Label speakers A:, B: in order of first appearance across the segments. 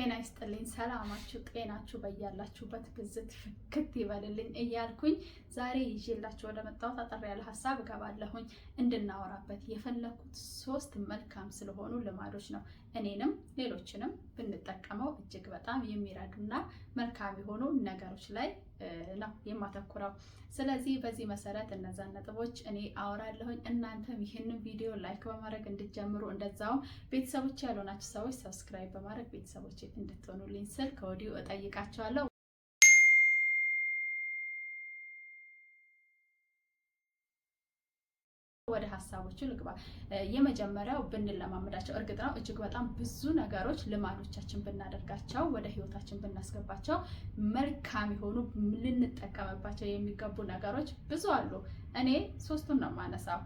A: ጤና ይስጥልኝ። ሰላማችሁ ጤናችሁ በያላችሁበት ብዝት ፍክት ይበልልኝ እያልኩኝ ዛሬ ይዤላችሁ ወደ መጣሁት አጠር ያለ ሀሳብ እገባለሁኝ። እንድናወራበት የፈለኩት ሶስት መልካም ስለሆኑ ልማዶች ነው። እኔንም ሌሎችንም ብንጠቀመው እጅግ በጣም የሚረዱና መልካም የሆኑ ነገሮች ላይ ነው የማተኩረው። ስለዚህ በዚህ መሰረት እነዛን ነጥቦች እኔ አወራለሁኝ። እናንተም ይህንን ቪዲዮ ላይክ በማድረግ እንድትጀምሩ እንደዛውም ቤተሰቦች ያልሆናችሁ ሰዎች ሰብስክራይብ በማድረግ ቤተሰቦች እንድትሆኑልኝ ስል ከወዲሁ እጠይቃቸዋለሁ። ወደ ሀሳቦቹ ልግባ። የመጀመሪያው ብንለማመዳቸው፣ እርግጥ ነው እጅግ በጣም ብዙ ነገሮች ልማዶቻችን ብናደርጋቸው፣ ወደ ህይወታችን ብናስገባቸው መልካም የሆኑ ልንጠቀምባቸው የሚገቡ ነገሮች ብዙ አሉ። እኔ ሶስቱን ነው የማነሳው።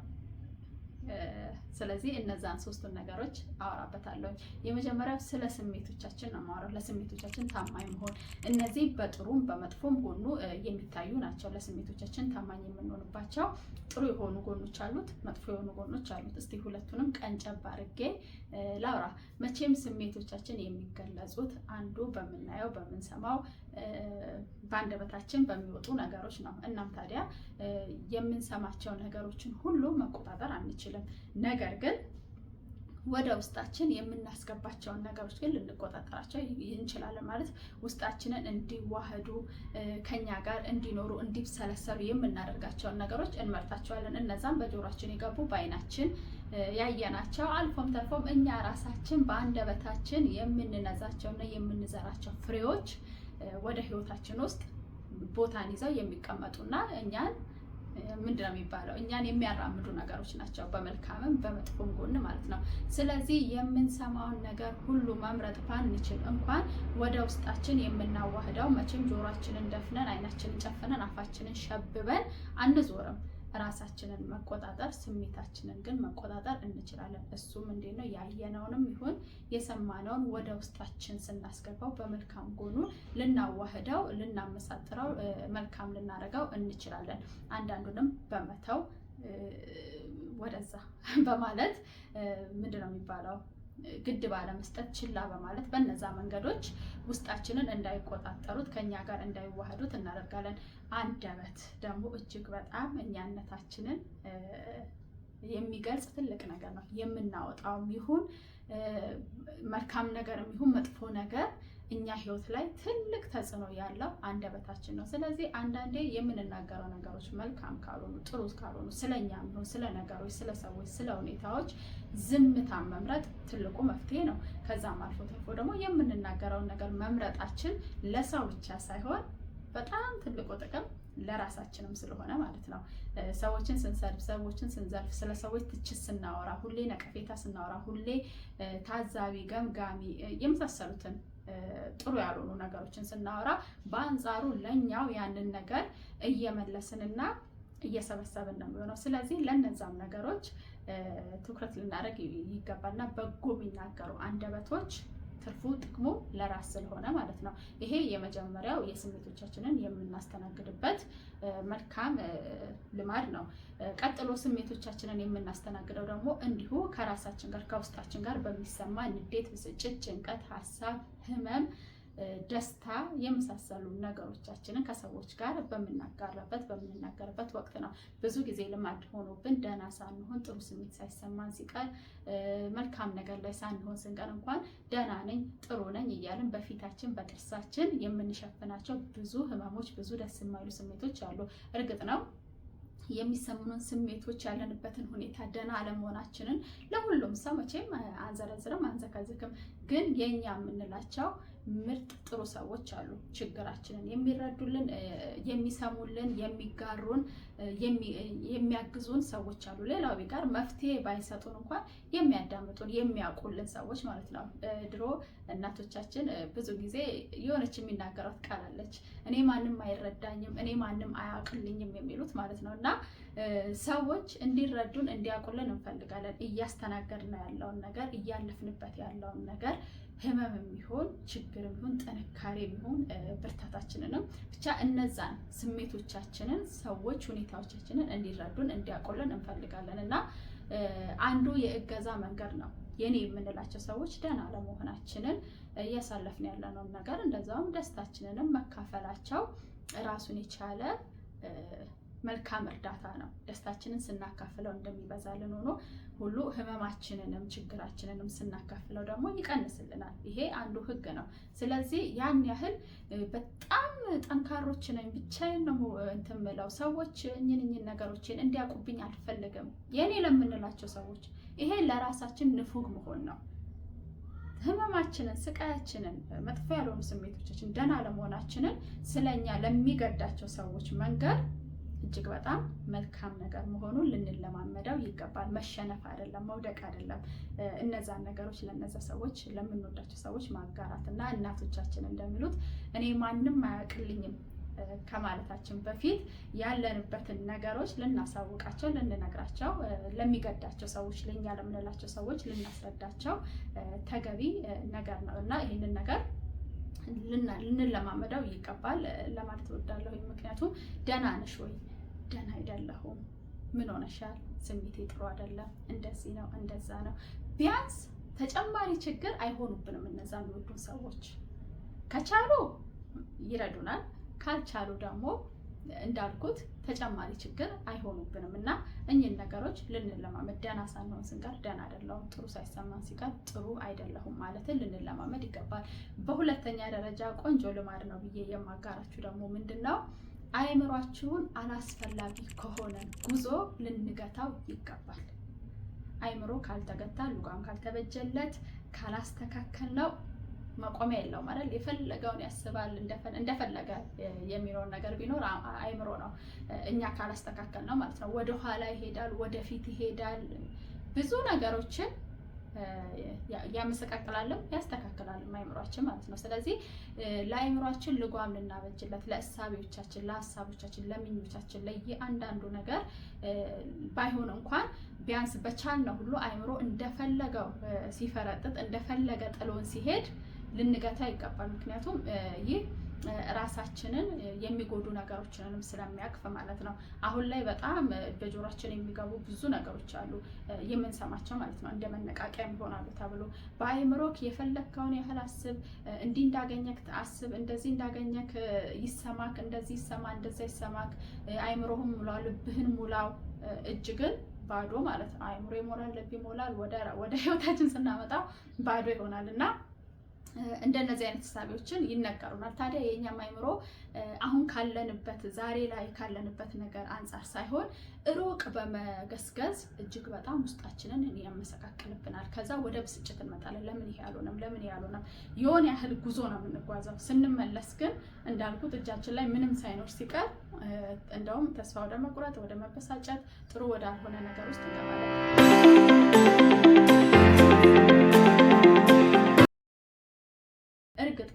A: ስለዚህ እነዛን ሶስቱን ነገሮች አወራበታለሁ። የመጀመሪያው ስለ ስሜቶቻችን ነው የማወራው። ለስሜቶቻችን ታማኝ መሆን፣ እነዚህ በጥሩም በመጥፎም ጎኑ የሚታዩ ናቸው። ለስሜቶቻችን ታማኝ የምንሆንባቸው ጥሩ የሆኑ ጎኖች አሉት፣ መጥፎ የሆኑ ጎኖች አሉት። እስቲ ሁለቱንም ቀንጨብ አድርጌ ላውራ። መቼም ስሜቶቻችን የሚገለጹት አንዱ በምናየው በምንሰማው በአንደበታችን በሚወጡ ነገሮች ነው። እናም ታዲያ የምንሰማቸው ነገሮችን ሁሉ መቆጣጠር አንችልም። ነገር ግን ወደ ውስጣችን የምናስገባቸውን ነገሮች ግን ልንቆጣጠራቸው እንችላለን። ማለት ውስጣችንን እንዲዋህዱ ከኛ ጋር እንዲኖሩ እንዲሰለሰሉ የምናደርጋቸውን ነገሮች እንመርጣቸዋለን። እነዛም በጆሯችን የገቡ በአይናችን ያየናቸው አልፎም ተርፎም እኛ ራሳችን በአንደበታችን የምንነዛቸውና የምንዘራቸው ፍሬዎች ወደ ህይወታችን ውስጥ ቦታን ይዘው የሚቀመጡና እኛን ነው የሚባለው እኛን የሚያራምዱ ነገሮች ናቸው፣ በመልካምም በመጥፎም ጎን ማለት ነው። ስለዚህ የምንሰማውን ነገር ሁሉ መምረጥ ባንችል እንኳን ወደ ውስጣችን የምናዋህደው መቼም ጆሯችንን ደፍነን አይናችንን ጨፍነን አፋችንን ሸብበን አንዞርም። ራሳችንን መቆጣጠር፣ ስሜታችንን ግን መቆጣጠር እንችላለን። እሱም እንዴት ነው? ያየነውንም ይሁን የሰማነውን ወደ ውስጣችን ስናስገባው በመልካም ጎኑ ልናዋህደው፣ ልናመሳጥረው፣ መልካም ልናደርገው እንችላለን። አንዳንዱንም በመተው ወደዛ በማለት ምንድን ነው የሚባለው ግድ ባለመስጠት ችላ በማለት በነዛ መንገዶች ውስጣችንን እንዳይቆጣጠሩት ከኛ ጋር እንዳይዋህዱት እናደርጋለን። አንደበት ደግሞ እጅግ በጣም እኛነታችንን የሚገልጽ ትልቅ ነገር ነው። የምናወጣውም ይሁን መልካም ነገርም ይሁን መጥፎ ነገር እኛ ህይወት ላይ ትልቅ ተጽዕኖ ያለው አንደበታችን ነው። ስለዚህ አንዳንዴ የምንናገረው ነገሮች መልካም ካልሆኑ፣ ጥሩ ካልሆኑ፣ ስለኛ ሆን ስለ ነገሮች፣ ስለ ሰዎች፣ ስለ ሁኔታዎች ዝምታን መምረጥ ትልቁ መፍትሄ ነው። ከዛም አልፎ ተርፎ ደግሞ የምንናገረውን ነገር መምረጣችን ለሰው ብቻ ሳይሆን በጣም ትልቁ ጥቅም ለራሳችንም ስለሆነ ማለት ነው። ሰዎችን ስንሰርፍ፣ ሰዎችን ስንዘርፍ፣ ስለ ሰዎች ትችት ስናወራ፣ ሁሌ ነቀፌታ ስናወራ፣ ሁሌ ታዛቢ፣ ገምጋሚ የመሳሰሉትን ጥሩ ያልሆኑ ነገሮችን ስናወራ በአንጻሩ ለእኛው ያንን ነገር እየመለስንና እየሰበሰብን ነው የሚሆነው። ስለዚህ ለነዛም ነገሮች ትኩረት ልናደርግ ይገባልና በጎ የሚናገሩ አንደበቶች ትርፉ ጥቅሙ ለራስ ስለሆነ ማለት ነው። ይሄ የመጀመሪያው የስሜቶቻችንን የምናስተናግድበት መልካም ልማድ ነው። ቀጥሎ ስሜቶቻችንን የምናስተናግደው ደግሞ እንዲሁ ከራሳችን ጋር ከውስጣችን ጋር በሚሰማ ንዴት፣ ብስጭት፣ ጭንቀት፣ ሀሳብ፣ ህመም ደስታ የመሳሰሉ ነገሮቻችንን ከሰዎች ጋር በምናጋራበት በምንናገርበት ወቅት ነው። ብዙ ጊዜ ልማድ ሆኖብን ደህና ሳንሆን ጥሩ ስሜት ሳይሰማን ሲቀር መልካም ነገር ላይ ሳንሆን ስንቀር እንኳን ደህና ነኝ፣ ጥሩ ነኝ እያልን በፊታችን በጥርሳችን የምንሸፍናቸው ብዙ ህመሞች፣ ብዙ ደስ የማይሉ ስሜቶች አሉ። እርግጥ ነው የሚሰሙን ስሜቶች ያለንበትን ሁኔታ ደህና አለመሆናችንን ለሁሉም ሰው መቼም አንዘረዝርም አንዘከዝክም። ግን የእኛ የምንላቸው ምርጥ ጥሩ ሰዎች አሉ። ችግራችንን የሚረዱልን፣ የሚሰሙልን፣ የሚጋሩን፣ የሚያግዙን ሰዎች አሉ። ሌላው ቢቀር መፍትሄ ባይሰጡን እንኳን የሚያዳምጡን፣ የሚያውቁልን ሰዎች ማለት ነው። ድሮ እናቶቻችን ብዙ ጊዜ የሆነች የሚናገራት ቃል አለች፣ እኔ ማንም አይረዳኝም፣ እኔ ማንም አያውቅልኝም የሚሉት ማለት ነው እና ሰዎች እንዲረዱን እንዲያውቁልን እንፈልጋለን። እያስተናገድን ያለውን ነገር እያለፍንበት ያለውን ነገር ህመም የሚሆን ችግር የሚሆን ጥንካሬ የሚሆን ብርታታችንንም ብቻ እነዛን ስሜቶቻችንን ሰዎች ሁኔታዎቻችንን እንዲረዱን እንዲያቆልን እንፈልጋለን እና አንዱ የእገዛ መንገድ ነው። የኔ የምንላቸው ሰዎች ደህና ለመሆናችንን እያሳለፍን ያለነውን ነገር እንደዛውም ደስታችንንም መካፈላቸው ራሱን የቻለ መልካም እርዳታ ነው። ደስታችንን ስናካፍለው እንደሚበዛልን ሆኖ ሁሉ ህመማችንንም ችግራችንንም ስናካፍለው ደግሞ ይቀንስልናል። ይሄ አንዱ ህግ ነው። ስለዚህ ያን ያህል በጣም ጠንካሮች ነኝ ብቻዬን ነው እንትን ሰዎች እኝንኝን ነገሮችን እንዲያውቁብኝ አልፈልግም የኔ ለምንላቸው ሰዎች ይሄ ለራሳችን ንፉግ መሆን ነው። ህመማችንን፣ ስቃያችንን፣ መጥፎ ያልሆኑ ስሜቶቻችን፣ ደህና ለመሆናችንን ስለኛ ለሚገዳቸው ሰዎች መንገር እጅግ በጣም መልካም ነገር መሆኑን ልንለማመደው ይገባል። መሸነፍ አይደለም፣ መውደቅ አይደለም። እነዛን ነገሮች ለነዛ ሰዎች ለምንወዳቸው ሰዎች ማጋራት እና እናቶቻችን እንደሚሉት እኔ ማንም አያውቅልኝም ከማለታችን በፊት ያለንበትን ነገሮች ልናሳውቃቸው፣ ልንነግራቸው፣ ለሚገዳቸው ሰዎች ለእኛ ለምንላቸው ሰዎች ልናስረዳቸው ተገቢ ነገር ነው እና ይህንን ነገር ልንለማመደው ይገባል ለማለት እወዳለሁ። ምክንያቱም ደህና ነሽ ወይ ደህና አይደለሁም፣ ምን ሆነሻል፣ ስሜቴ ጥሩ አይደለም፣ እንደዚህ ነው እንደዛ ነው። ቢያንስ ተጨማሪ ችግር አይሆኑብንም። እነዛ የሚወዱን ሰዎች ከቻሉ ይረዱናል፣ ካልቻሉ ደግሞ እንዳልኩት ተጨማሪ ችግር አይሆኑብንም እና እኚህን ነገሮች ልንለማመድ ደህና ሳንሆን ስንቀር ደህና አይደለሁም፣ ጥሩ ሳይሰማን ሲቀር ጥሩ አይደለሁም ማለትን ልንለማመድ ይገባል። በሁለተኛ ደረጃ ቆንጆ ልማድ ነው ብዬ የማጋራችሁ ደግሞ ምንድን ነው አእምሯችሁን አላስፈላጊ ከሆነ ጉዞ ልንገታው ይገባል። አእምሮ ካልተገታ ልጓም ካልተበጀለት ካላስተካከል ነው መቆሚያ የለውም አይደል? የፈለገውን ያስባል እንደፈለገ የሚለውን ነገር ቢኖር አእምሮ ነው። እኛ ካላስተካከል ነው ማለት ነው። ወደኋላ ይሄዳል፣ ወደፊት ይሄዳል። ብዙ ነገሮችን ያመሰቃቅላልም ያስተካክላልም አይምሯችን ማለት ነው። ስለዚህ ለአይምሯችን ልጓም ልናበጅለት፣ ለእሳቤዎቻችን፣ ለሀሳቦቻችን፣ ለምኞቻችን ለየአንዳንዱ ነገር ባይሆን እንኳን ቢያንስ በቻልነው ሁሉ አይምሮ እንደፈለገው ሲፈረጥጥ እንደፈለገ ጥሎን ሲሄድ ልንገታ ይገባል። ምክንያቱም ይህ ራሳችንን የሚጎዱ ነገሮችንንም ስለሚያቅፍ ማለት ነው። አሁን ላይ በጣም በጆሯችን የሚገቡ ብዙ ነገሮች አሉ የምንሰማቸው ማለት ነው። እንደ መነቃቂያ ይሆናሉ ተብሎ በአእምሮክ የፈለግከውን ያህል አስብ፣ እንዲህ እንዳገኘክ አስብ፣ እንደዚህ እንዳገኘክ ይሰማክ፣ እንደዚህ ይሰማ፣ እንደዛ ይሰማክ፣ አእምሮህን ሙላው፣ ልብህን ሙላው። እጅ ግን ባዶ ማለት ነው። አእምሮ ይሞላል፣ ልብ ይሞላል። ወደ ህይወታችን ስናመጣው ባዶ ይሆናል እና እንደነዚህ አይነት ሳቢዎችን ይነገሩናል። ታዲያ የእኛም አይምሮ አሁን ካለንበት ዛሬ ላይ ካለንበት ነገር አንጻር ሳይሆን ሩቅ በመገስገዝ እጅግ በጣም ውስጣችንን ያመሰቃቅልብናል። ከዛ ወደ ብስጭት እንመጣለን። ለምን ይሄ አልሆነም? ለምን ይሄ አልሆነም? የሆነ ያህል ጉዞ ነው የምንጓዘው። ስንመለስ ግን እንዳልኩት እጃችን ላይ ምንም ሳይኖር ሲቀር እንደውም ተስፋ ወደ መቁረጥ፣ ወደ መበሳጨት፣ ጥሩ ወዳልሆነ ነገር ውስጥ እንገባለን።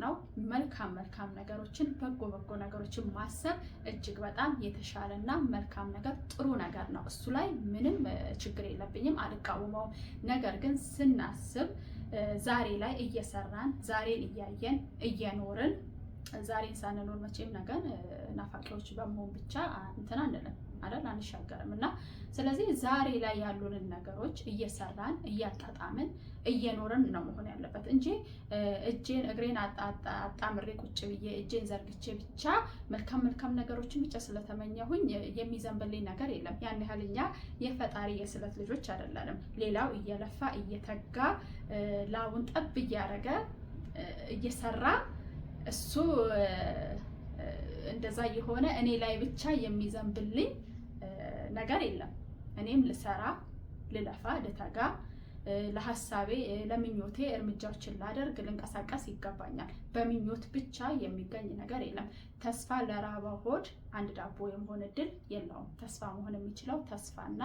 A: ነው። መልካም መልካም ነገሮችን በጎ በጎ ነገሮችን ማሰብ እጅግ በጣም የተሻለ እና መልካም ነገር ጥሩ ነገር ነው። እሱ ላይ ምንም ችግር የለብኝም፣ አልቃወመውም። ነገር ግን ስናስብ ዛሬ ላይ እየሰራን ዛሬን እያየን እየኖርን ዛሬን ሳንኖር መቼም ነገር ናፋቂዎች በመሆን ብቻ እንትን አንልም። አይደል? አንሻገርም እና ስለዚህ ዛሬ ላይ ያሉንን ነገሮች እየሰራን እያጣጣምን እየኖርን ነው መሆን ያለበት እንጂ እጄን እግሬን አጣምሬ ቁጭ ብዬ እጄን ዘርግቼ ብቻ መልካም መልካም ነገሮችን ብቻ ስለተመኘሁኝ የሚዘንብልኝ ነገር የለም። ያን ያህል እኛ የፈጣሪ የስለት ልጆች አይደለንም። ሌላው እየለፋ እየተጋ ላቡን ጠብ እያደረገ እየሰራ እሱ እንደዛ የሆነ እኔ ላይ ብቻ የሚዘንብልኝ ነገር የለም። እኔም ልሰራ ልለፋ ልተጋ ለሀሳቤ ለምኞቴ እርምጃዎችን ላደርግ ልንቀሳቀስ ይገባኛል። በምኞት ብቻ የሚገኝ ነገር የለም። ተስፋ ለራበው ሆድ አንድ ዳቦ የመሆን እድል የለውም። ተስፋ መሆን የሚችለው ተስፋና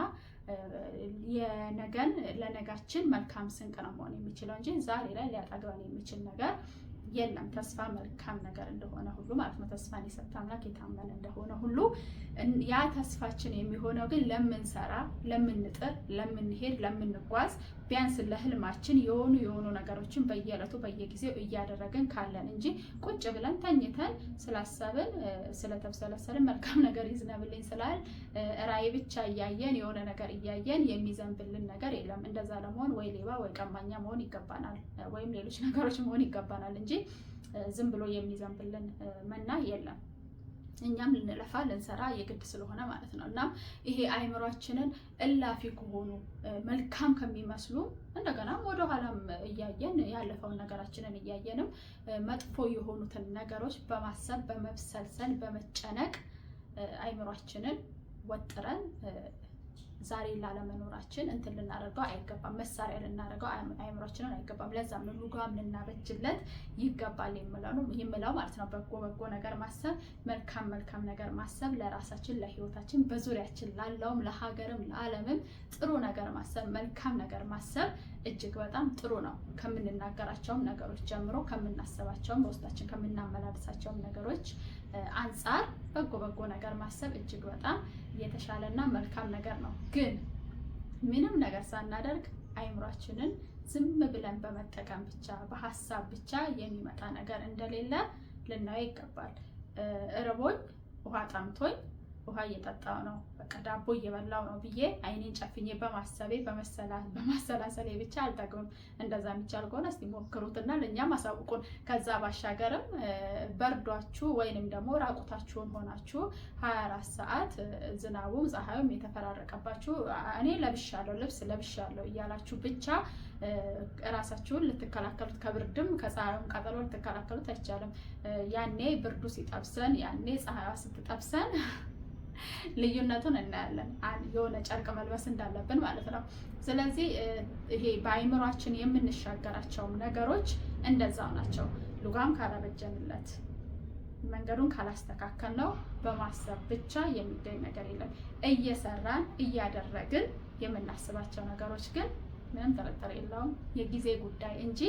A: የነገን ለነጋችን መልካም ስንቅ ነው መሆን የሚችለው እንጂ ዛሬ ላይ ሊያጠግበን የሚችል ነገር የለም ተስፋ መልካም ነገር እንደሆነ ሁሉ ማለት ነው። ተስፋን የሰጠ አምላክ የታመነ እንደሆነ ሁሉ ያ ተስፋችን የሚሆነው ግን ለምንሰራ፣ ለምንጥር፣ ለምንሄድ፣ ለምንጓዝ ቢያንስ ለህልማችን የሆኑ የሆኑ ነገሮችን በየዕለቱ በየጊዜው እያደረግን ካለን እንጂ ቁጭ ብለን ተኝተን ስላሰብን ስለተብሰለሰልን መልካም ነገር ይዝነብልኝ ስላል ራዕይ ብቻ እያየን የሆነ ነገር እያየን የሚዘንብልን ነገር የለም። እንደዛ ለመሆን ወይ ሌባ ወይ ቀማኛ መሆን ይገባናል፣ ወይም ሌሎች ነገሮች መሆን ይገባናል እንጂ ዝም ብሎ የሚዘንብልን መና የለም። እኛም ልንለፋ ልንሰራ የግድ ስለሆነ ማለት ነው። እና ይሄ አይምሯችንን እላፊ ከሆኑ መልካም ከሚመስሉ እንደገና ወደኋላም እያየን ያለፈውን ነገራችንን እያየንም መጥፎ የሆኑትን ነገሮች በማሰብ በመብሰልሰል በመጨነቅ አይምሯችንን ወጥረን ዛሬ ላለመኖራችን እንትን ልናደርገው አይገባም፣ መሳሪያ ልናደርገው አይምሯችንን አይገባም። ለዛም ነው ልጓም ልናበጅለት ይገባል የምለው ማለት ነው። በጎ በጎ ነገር ማሰብ፣ መልካም መልካም ነገር ማሰብ ለራሳችን ለህይወታችን፣ በዙሪያችን ላለውም፣ ለሀገርም፣ ለዓለምም ጥሩ ነገር ማሰብ፣ መልካም ነገር ማሰብ እጅግ በጣም ጥሩ ነው። ከምንናገራቸውም ነገሮች ጀምሮ ከምናስባቸውም በውስጣችን ከምናመላልሳቸውም ነገሮች አንጻር በጎ በጎ ነገር ማሰብ እጅግ በጣም የተሻለና መልካም ነገር ነው። ግን ምንም ነገር ሳናደርግ አይምሯችንን ዝም ብለን በመጠቀም ብቻ በሀሳብ ብቻ የሚመጣ ነገር እንደሌለ ልናየው ይገባል። እርቦኝ ውሃ ጠምቶኝ ውሃ እየጠጣው ነው፣ በቃ ዳቦ እየበላው ነው ብዬ አይኔን ጨፍኜ በማሰቤ በማሰላሰሌ ብቻ አልጠቅምም። እንደዛ የሚቻል ከሆነ እስቲ ሞክሩትና ለእኛም አሳውቁን። ከዛ ባሻገርም በርዷችሁ ወይንም ደግሞ ራቁታችሁን ሆናችሁ 24 ሰዓት ዝናቡም ፀሐዩም የተፈራረቀባችሁ እኔ ለብሻለሁ ልብስ ለብሻለሁ እያላችሁ ብቻ እራሳችሁን ልትከላከሉት ከብርድም ከፀሐዩም ቀጠሎ ልትከላከሉት አይቻልም። ያኔ ብርዱ ሲጠብሰን፣ ያኔ ፀሐይዋ ስትጠብሰን ልዩነቱን እናያለን። የሆነ ጨርቅ መልበስ እንዳለብን ማለት ነው። ስለዚህ ይሄ በአይምሯችን የምንሻገራቸውም ነገሮች እንደዛው ናቸው። ሉጋም ካላበጀንለት መንገዱን ካላስተካከል ነው በማሰብ ብቻ የሚገኝ ነገር የለም። እየሰራን እያደረግን የምናስባቸው ነገሮች ግን ምንም ጥርጥር የለውም። የጊዜ ጉዳይ እንጂ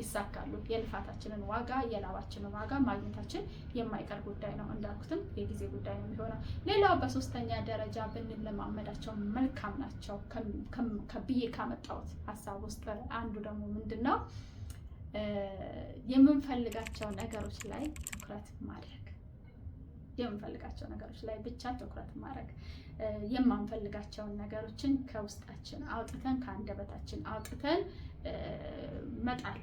A: ይሳካሉ። የልፋታችንን ዋጋ የላባችንን ዋጋ ማግኘታችን የማይቀር ጉዳይ ነው። እንዳልኩትም የጊዜ ጉዳይ ነው የሚሆነው። ሌላው በሶስተኛ ደረጃ ብንለማመዳቸው መልካም ናቸው ከብዬ ካመጣሁት ሀሳብ ውስጥ አንዱ ደግሞ ምንድን ነው የምንፈልጋቸው ነገሮች ላይ ትኩረት ማድረግ የምንፈልጋቸው ነገሮች ላይ ብቻ ትኩረት ማድረግ የማንፈልጋቸውን ነገሮችን ከውስጣችን አውጥተን ከአንደበታችን አውጥተን መጣል።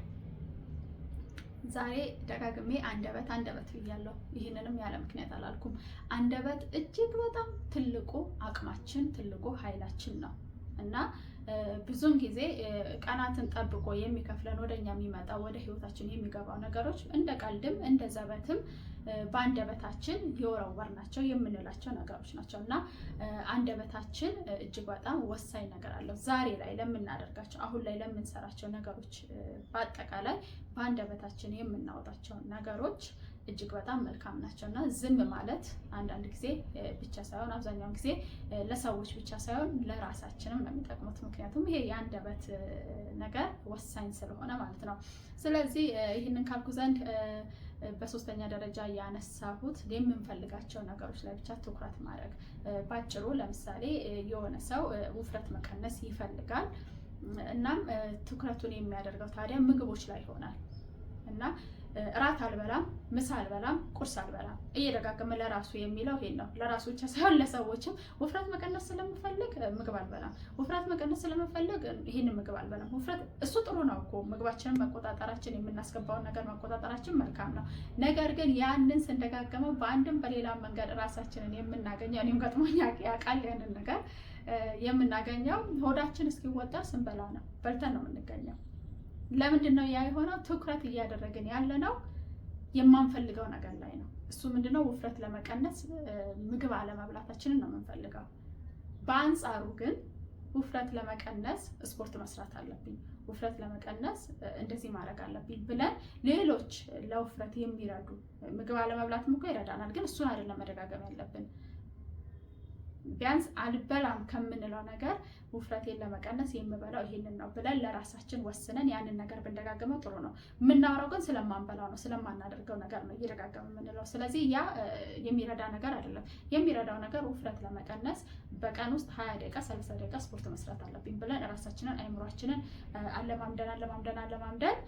A: ዛሬ ደጋግሜ አንደበት አንደበት ብያለሁ። ይህንንም ያለ ምክንያት አላልኩም። አንደበት እጅግ በጣም ትልቁ አቅማችን፣ ትልቁ ኃይላችን ነው እና ብዙን ጊዜ ቀናትን ጠብቆ የሚከፍለን ወደኛ የሚመጣው ወደ ህይወታችን የሚገባው ነገሮች እንደ ቀልድም እንደ ዘበትም በአንደበታችን ናቸው የምንላቸው ነገሮች ናቸው እና አንደበታችን እጅግ በጣም ወሳኝ ነገር አለው። ዛሬ ላይ ለምናደርጋቸው አሁን ላይ ለምንሰራቸው ነገሮች በአጠቃላይ በአንደበታችን የምናወጣቸው ነገሮች እጅግ በጣም መልካም ናቸው እና ዝም ማለት አንዳንድ ጊዜ ብቻ ሳይሆን አብዛኛውን ጊዜ ለሰዎች ብቻ ሳይሆን ለራሳችንም ነው የሚጠቅሙት። ምክንያቱም ይሄ የአንደበት ነገር ወሳኝ ስለሆነ ማለት ነው። ስለዚህ ይህንን ካልኩ ዘንድ በሶስተኛ ደረጃ ያነሳሁት የምንፈልጋቸው ነገሮች ላይ ብቻ ትኩረት ማድረግ። ባጭሩ ለምሳሌ የሆነ ሰው ውፍረት መቀነስ ይፈልጋል። እናም ትኩረቱን የሚያደርገው ታዲያ ምግቦች ላይ ይሆናል እና እራት አልበላም፣ ምሳ አልበላም፣ ቁርስ አልበላም እየደጋገመ ለራሱ የሚለው ይሄን ነው። ለራሱ ብቻ ሳይሆን ለሰዎችም ውፍረት መቀነስ ስለምፈልግ ምግብ አልበላም፣ ውፍረት መቀነስ ስለምፈልግ ይሄንን ምግብ አልበላም። ውፍረት እሱ ጥሩ ነው እኮ ምግባችንን መቆጣጠራችን፣ የምናስገባውን ነገር መቆጣጠራችን መልካም ነው። ነገር ግን ያንን ስንደጋገመው በአንድም በሌላ መንገድ ራሳችንን የምናገኘው እኔም ገጥሞኝ ያውቃል ያንን ነገር የምናገኘው ሆዳችን እስኪወጣ ስንበላ ነው። በልተን ነው የምንገኘው። ለምንድን ነው ያ የሆነው? ትኩረት እያደረግን ያለ ነው የማንፈልገው ነገር ላይ ነው። እሱ ምንድነው? ውፍረት ለመቀነስ ምግብ አለመብላታችንን ነው የምንፈልገው። በአንጻሩ ግን ውፍረት ለመቀነስ ስፖርት መስራት አለብኝ፣ ውፍረት ለመቀነስ እንደዚህ ማድረግ አለብኝ ብለን ሌሎች ለውፍረት የሚረዱ ምግብ አለመብላትም እኮ ይረዳናል፣ ግን እሱን አይደለም መደጋገም ያለብን። ቢያንስ አልበላም ከምንለው ነገር ውፍረቴን ለመቀነስ የምበላው ይሄንን ነው ብለን ለራሳችን ወስነን ያንን ነገር ብንደጋግመው ጥሩ ነው። የምናወራው ግን ስለማንበላው ነው፣ ስለማናደርገው ነገር ነው እየደጋገመ የምንለው። ስለዚህ ያ የሚረዳ ነገር አይደለም። የሚረዳው ነገር ውፍረት ለመቀነስ በቀን ውስጥ ሀያ ደቂቃ ሰላሳ ደቂቃ ስፖርት መስራት አለብኝ ብለን ራሳችንን አይምሯችንን አለማምደን አለማምደን አለማምደን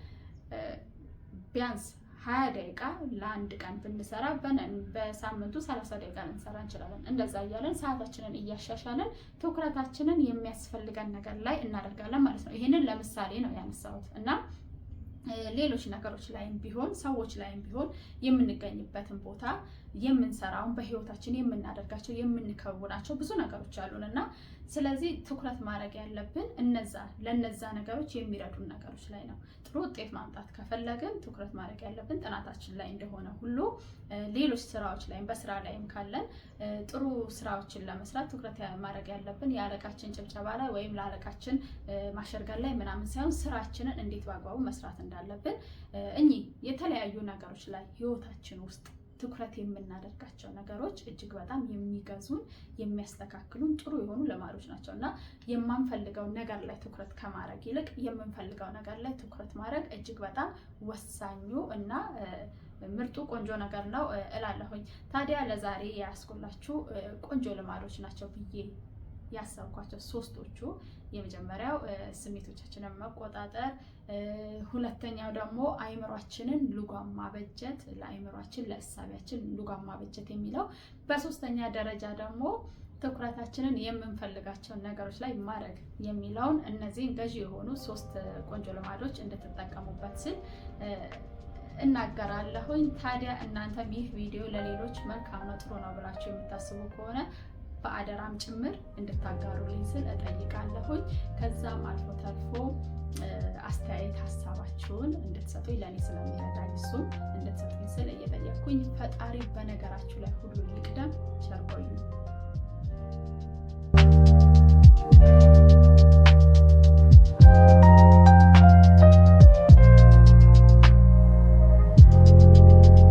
A: ቢያንስ ሀያ ደቂቃ ለአንድ ቀን ብንሰራ በሳምንቱ ሰላሳ ደቂቃ ልንሰራ እንችላለን። እንደዛ እያለን ሰዓታችንን እያሻሻለን ትኩረታችንን የሚያስፈልገን ነገር ላይ እናደርጋለን ማለት ነው። ይህንን ለምሳሌ ነው ያነሳሁት እና ሌሎች ነገሮች ላይም ቢሆን ሰዎች ላይም ቢሆን የምንገኝበትን ቦታ የምንሰራውን በህይወታችን የምናደርጋቸው የምንከውናቸው ብዙ ነገሮች አሉን እና ስለዚህ ትኩረት ማድረግ ያለብን እነዛ ለነዛ ነገሮች የሚረዱን ነገሮች ላይ ነው። ጥሩ ውጤት ማምጣት ከፈለግን ትኩረት ማድረግ ያለብን ጥናታችን ላይ እንደሆነ ሁሉ ሌሎች ስራዎች ላይም በስራ ላይም ካለን ጥሩ ስራዎችን ለመስራት ትኩረት ማድረግ ያለብን የአለቃችን ጭብጨባ ላይ ወይም ለአለቃችን ማሸርገር ላይ ምናምን ሳይሆን ስራችንን እንዴት በአግባቡ መስራት እንዳለብን እኚህ የተለያዩ ነገሮች ላይ ህይወታችን ውስጥ ትኩረት የምናደርጋቸው ነገሮች እጅግ በጣም የሚገዙን የሚያስተካክሉን ጥሩ የሆኑ ልማዶች ናቸው እና የማንፈልገው ነገር ላይ ትኩረት ከማድረግ ይልቅ የምንፈልገው ነገር ላይ ትኩረት ማድረግ እጅግ በጣም ወሳኙ እና ምርጡ ቆንጆ ነገር ነው እላለሁኝ። ታዲያ ለዛሬ ያስኩላችሁ ቆንጆ ልማዶች ናቸው ብዬ ያሰብኳቸው ሶስቶቹ የመጀመሪያው ስሜቶቻችንን መቆጣጠር፣ ሁለተኛው ደግሞ አይምሯችንን ልጓም ማበጀት፣ ለአይምሯችን ለእሳቢያችን ልጓም ማበጀት የሚለው በሶስተኛ ደረጃ ደግሞ ትኩረታችንን የምንፈልጋቸውን ነገሮች ላይ ማድረግ የሚለውን እነዚህን ገዢ የሆኑ ሶስት ቆንጆ ልማዶች እንድትጠቀሙበት ስል እናገራለሁኝ። ታዲያ እናንተም ይህ ቪዲዮ ለሌሎች መልካም ነው ጥሩ ነው ብላችሁ የምታስቡ ከሆነ በአደራም ጭምር እንድታጋሩልኝ ስል እጠይቃለሁኝ። ከዛም አልፎ ተርፎ አስተያየት ሀሳባችሁን እንድትሰጡኝ ለእኔ ስለሚረዳኝ እሱም እንድትሰጡኝ ስል እየጠየቅኩኝ ፈጣሪ በነገራችሁ ላይ ሁሉ ይቅደም። ቸር ቆዩ።